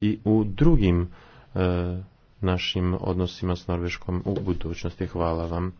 i u drugim e, našim odnosima s Norveškom u budućnosti. Hvala vam.